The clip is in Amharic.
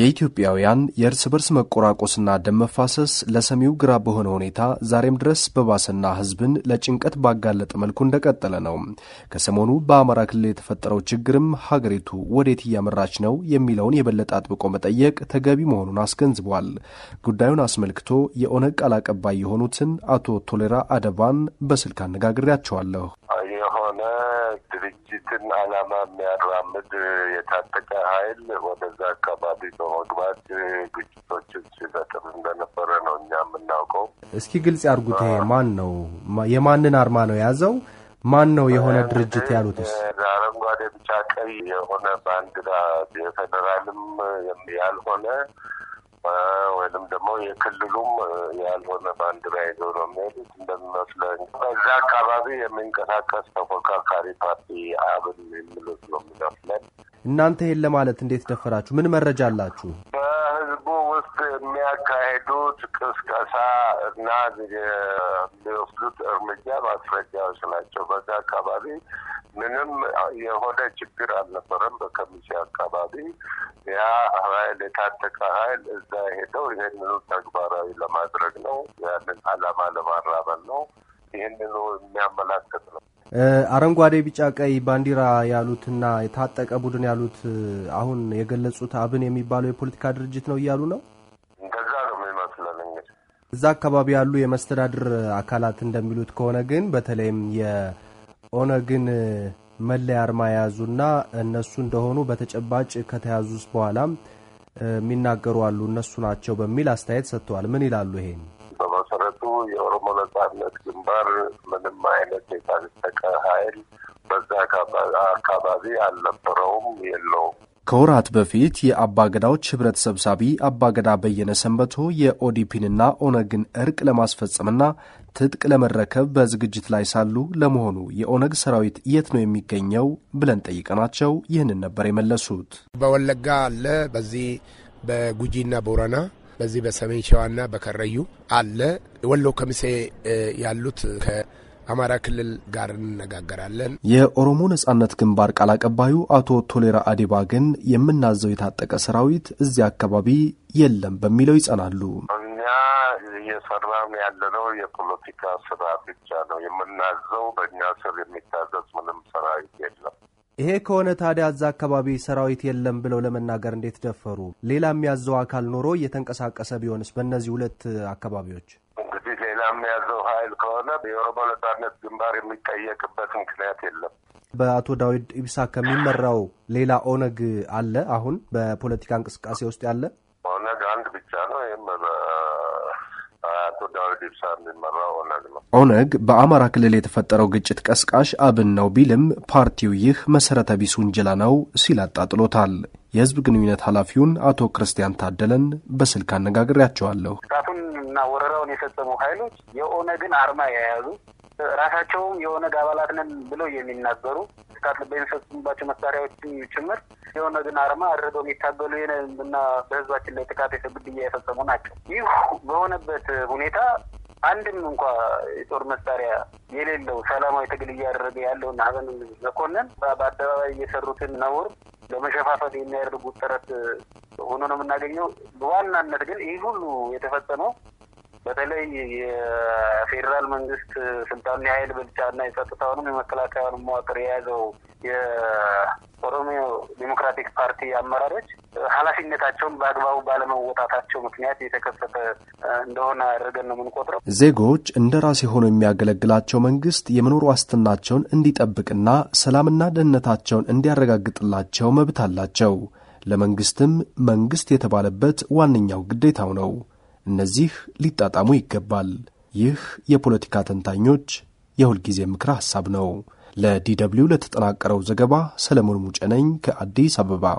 የኢትዮጵያውያን የእርስ በርስ መቆራቆስና ደም መፋሰስ ለሰሚው ግራ በሆነ ሁኔታ ዛሬም ድረስ በባሰና ሕዝብን ለጭንቀት ባጋለጠ መልኩ እንደቀጠለ ነው። ከሰሞኑ በአማራ ክልል የተፈጠረው ችግርም ሀገሪቱ ወዴት እያመራች ነው የሚለውን የበለጠ አጥብቆ መጠየቅ ተገቢ መሆኑን አስገንዝቧል። ጉዳዩን አስመልክቶ የኦነግ ቃል አቀባይ የሆኑትን አቶ ቶሌራ አደባን በስልክ አነጋግሬያቸዋለሁ። ሆነ ድርጅትን ዓላማ የሚያራምድ የታጠቀ ኃይል ወደዛ አካባቢ በመግባት ግጭቶችን ሲፈጥር እንደነበረ ነው እኛ የምናውቀው። እስኪ ግልጽ ያርጉት። ይሄ ማን ነው? የማንን አርማ ነው የያዘው? ማን ነው የሆነ ድርጅት ያሉትስ? አረንጓዴ፣ ቢጫ፣ ቀይ የሆነ ባንዲራ የፌዴራልም ያልሆነ ወይም ደግሞ የክልሉም ያልሆነ በአንድ ላይ ይዘው ነው የሚሄዱት እንደሚመስለኝ። በዛ አካባቢ የሚንቀሳቀስ ተፎካካሪ ፓርቲ አብን የሚሉት ነው የሚመስለን። እናንተ ይሄን ለማለት እንዴት ደፈራችሁ? ምን መረጃ አላችሁ? እና የሚወስዱት እርምጃ ማስረጃዎች ናቸው። በዛ አካባቢ ምንም የሆነ ችግር አልነበረም። በከሚሴ አካባቢ ያ ኃይል የታጠቀ ኃይል እዛ ሄደው ይህንኑ ተግባራዊ ለማድረግ ነው። ያንን አላማ ለማራበል ነው። ይህንኑ የሚያመላክት ነው። አረንጓዴ፣ ቢጫ፣ ቀይ ባንዲራ ያሉትና የታጠቀ ቡድን ያሉት አሁን የገለጹት አብን የሚባለው የፖለቲካ ድርጅት ነው እያሉ ነው እዛ አካባቢ ያሉ የመስተዳድር አካላት እንደሚሉት ከሆነ ግን በተለይም የኦነግን መለያ አርማ የያዙና እነሱ እንደሆኑ በተጨባጭ ከተያዙ በኋላም የሚናገሩ አሉ እነሱ ናቸው በሚል አስተያየት ሰጥተዋል። ምን ይላሉ? ይሄን በመሰረቱ የኦሮሞ ነጻነት ግንባር ምንም አይነት የታጠቀ ኃይል በዛ አካባቢ አልነበረውም የለውም። ከወራት በፊት የአባ ገዳዎች ህብረት ሰብሳቢ አባ ገዳ በየነ ሰንበቶ የኦዲፒንና ኦነግን እርቅ ለማስፈጸምና ትጥቅ ለመረከብ በዝግጅት ላይ ሳሉ ለመሆኑ የኦነግ ሰራዊት የት ነው የሚገኘው ብለን ጠይቀናቸው ይህንን ነበር የመለሱት። በወለጋ አለ፣ በዚህ በጉጂና ቦረና በዚህ በሰሜን ሸዋና በከረዩ አለ። ወሎ ከሚሴ ያሉት አማራ ክልል ጋር እንነጋገራለን። የኦሮሞ ነጻነት ግንባር ቃል አቀባዩ አቶ ቶሌራ አዴባ ግን የምናዘው የታጠቀ ሰራዊት እዚያ አካባቢ የለም በሚለው ይጸናሉ። እኛ እየሰራም ያለነው የፖለቲካ ስራ ብቻ ነው። የምናዘው በእኛ ስር የሚታዘዝ ምንም ሰራዊት የለም። ይሄ ከሆነ ታዲያ እዛ አካባቢ ሰራዊት የለም ብለው ለመናገር እንዴት ደፈሩ? ሌላ የሚያዘው አካል ኖሮ እየተንቀሳቀሰ ቢሆንስ በእነዚህ ሁለት አካባቢዎች ፓርቲ ሌላ የሚያዘው ሀይል ከሆነ የኦሮሞ ነጻነት ግንባር የሚጠየቅበት ምክንያት የለም። በአቶ ዳዊድ ኢብሳ ከሚመራው ሌላ ኦነግ አለ አሁን በፖለቲካ እንቅስቃሴ ውስጥ ያለ ኦነግ አንድ ብቻ ነው። ይህም አቶ ዳዊት ኢብሳ የሚመራው ኦነግ ነው። ኦነግ በአማራ ክልል የተፈጠረው ግጭት ቀስቃሽ አብን ነው ቢልም ፓርቲው ይህ መሰረተ ቢስ ውንጀላ ነው ሲል አጣጥሎታል። የህዝብ ግንኙነት ኃላፊውን አቶ ክርስቲያን ታደለን በስልክ አነጋግሬያቸዋለሁ። እና ምርጫውን የፈጸሙ ኃይሎች የኦነግን አርማ የያዙ ራሳቸውም የኦነግ አባላት ነን ብለው የሚናገሩ ጥቃት በሚፈጽሙባቸው መሳሪያዎችን ጭምር የኦነግን አርማ አድርገው የሚታገሉ እና በህዝባችን ላይ ጥቃት ግድያ የፈጸሙ ናቸው። ይህ በሆነበት ሁኔታ አንድም እንኳ የጦር መሳሪያ የሌለው ሰላማዊ ትግል እያደረገ ያለውን ሀዘን መኮንን በአደባባይ እየሰሩትን ነውር ለመሸፋፈት የሚያደርጉት ጥረት ሆኖ ነው የምናገኘው። በዋናነት ግን ይህ ሁሉ የተፈጸመው በተለይ የፌዴራል መንግስት ስልጣን የሀይል ብልጫና የጸጥታውንም የመከላከያውንም መዋቅር የያዘው የኦሮሚዮ ዴሞክራቲክ ፓርቲ አመራሮች ኃላፊነታቸውን በአግባቡ ባለመወጣታቸው ምክንያት የተከሰተ እንደሆነ አድርገን ነው የምንቆጥረው። ዜጎች እንደ ራሴ ሆኖ የሚያገለግላቸው መንግስት የመኖር ዋስትናቸውን እንዲጠብቅና ሰላምና ደህንነታቸውን እንዲያረጋግጥላቸው መብት አላቸው። ለመንግስትም መንግስት የተባለበት ዋነኛው ግዴታው ነው። እነዚህ ሊጣጣሙ ይገባል። ይህ የፖለቲካ ተንታኞች የሁልጊዜ ምክረ ሐሳብ ነው። ለዲ ደብልዩ ለተጠናቀረው ዘገባ ሰለሞን ሙጨነኝ ከአዲስ አበባ